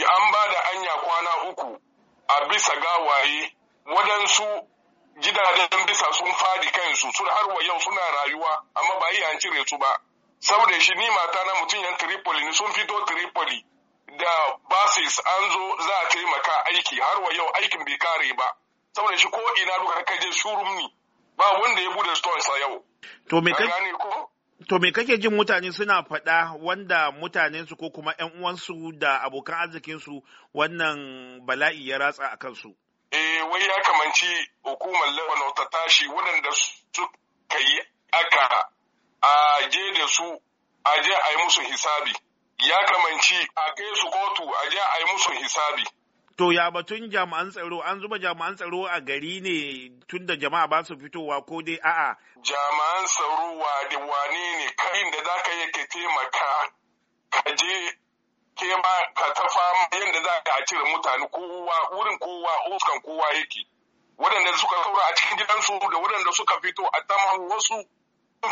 An ba da anya kwana uku a bisa gawaye waɗansu gidajen bisa sun fadi kansu sun har wa yau suna rayuwa amma ba yi an cire su ba. Saboda shi ni mata na mutum yan Tripoli ne sun fito Tripoli da basis an zo za a taimaka aiki har wa yau aikin bai kare ba. Saboda shi ko ina duka kaje shurum ne ba wanda ya bude stones a yau. To me To me kake jin mutane suna faɗa wanda mutanensu ko kuma ‘yan uwansu da abokan arzikinsu wannan bala'i ya ratsa a kansu? Eh, wai ya kamanci hukumar Lebanon ta tashi waɗanda suka yi aka a je da su a je a yi musu hisabi. Ya kamanci a kai su kotu a je a yi musu hisabi. To ya batun jami'an tsaro an zuba jami'an tsaro a gari ne tun da jama'a ba su fitowa ko dai a'a. Jami'an tsaro wani wane ne kai da za ka yake taimaka ka je ke ma ka ta fama yadda za a cire mutane kowa wurin kowa uskan kowa yake. Waɗanda suka saura a cikin gidansu da waɗanda suka fito a taman wasu sun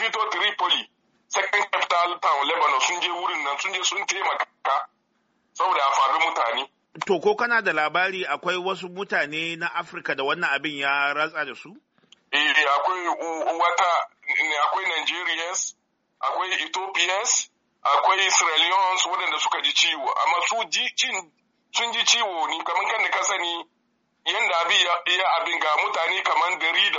fito Tripoli. Second capital town Lebanon sun je wurin nan sun je sun taimaka saboda a faru mutane. To ko kana da labari akwai wasu mutane na Afirka da wannan abin ya ratsa da su? Eh, eh akwai wata akwai Nigerians, akwai Ethiopians, akwai Israelians waɗanda suka ji ciwo, amma su sun ji ciwo ni kamar kan da ka sani yadda abin ya abin ga mutane kamar dari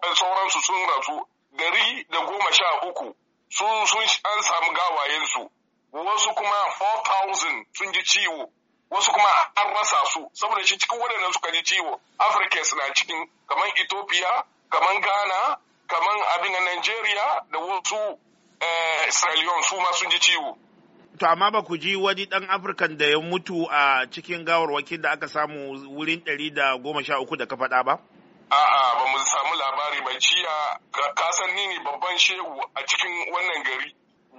da sauransu sun rasu dari da goma sha uku sun an samu gawayensu wasu kuma 4,000 sun ji ciwo wasu kuma an rasa su saboda shi cikin waɗannan suka ji ciwo afirka suna cikin kamar ethiopia kamar ghana kamar abin na nigeria da wasu eh, israeliyon su ma sun ji ciwo to amma ba ku ji wani ɗan afirkan da ya mutu a cikin gawarwakin da aka samu wurin ɗari da goma sha uku da ka faɗa ba a'a ba mu samu labari mai ciya ka san ni ne babban shehu a cikin wannan gari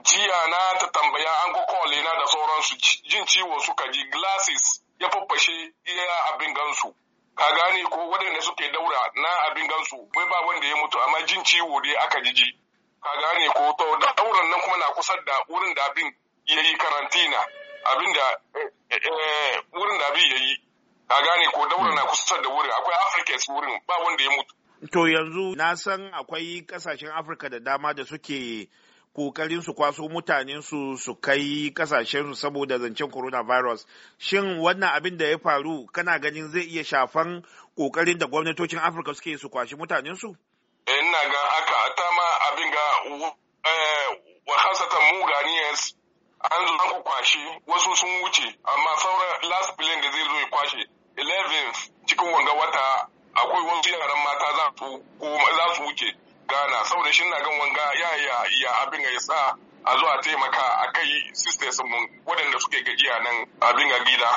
jiya na ta tambaya an ko na da sauransu jin ciwo suka ji glasses ya faffashe iya abin gansu ka gane ko waɗanda suke daura na abin gansu wai ba wanda ya mutu amma jin ciwo dai aka jiji ka gane ko to dauran nan kuma na kusa da wurin da abin ya yi karantina abin da eh, eh, eh, wurin da abin ya yi ka gane ko daura na kusa da wurin akwai africans wurin ba wanda ya mutu To yanzu na san akwai kasashen Afirka da dama da suke kokarin su kwaso mutanen su su kai kasashen saboda zancen coronavirus shin wannan abin da ya faru kana ganin zai iya shafan kokarin da gwamnatocin afirka suke su kwashi mutanen su ina ga aka ta ma abin ga eh, wahasata mu ganiyans an zo ku kwashe wasu sun wuce amma sauran last plane da zai zo ya kwashe 11 cikin wanga wata akwai wasu yaran mata za su wuce gana saboda shi na gan wanga ya ya ya abin ya sa a zuwa taimaka a kai sisters mun waɗanda suke gajiya nan abin ga gida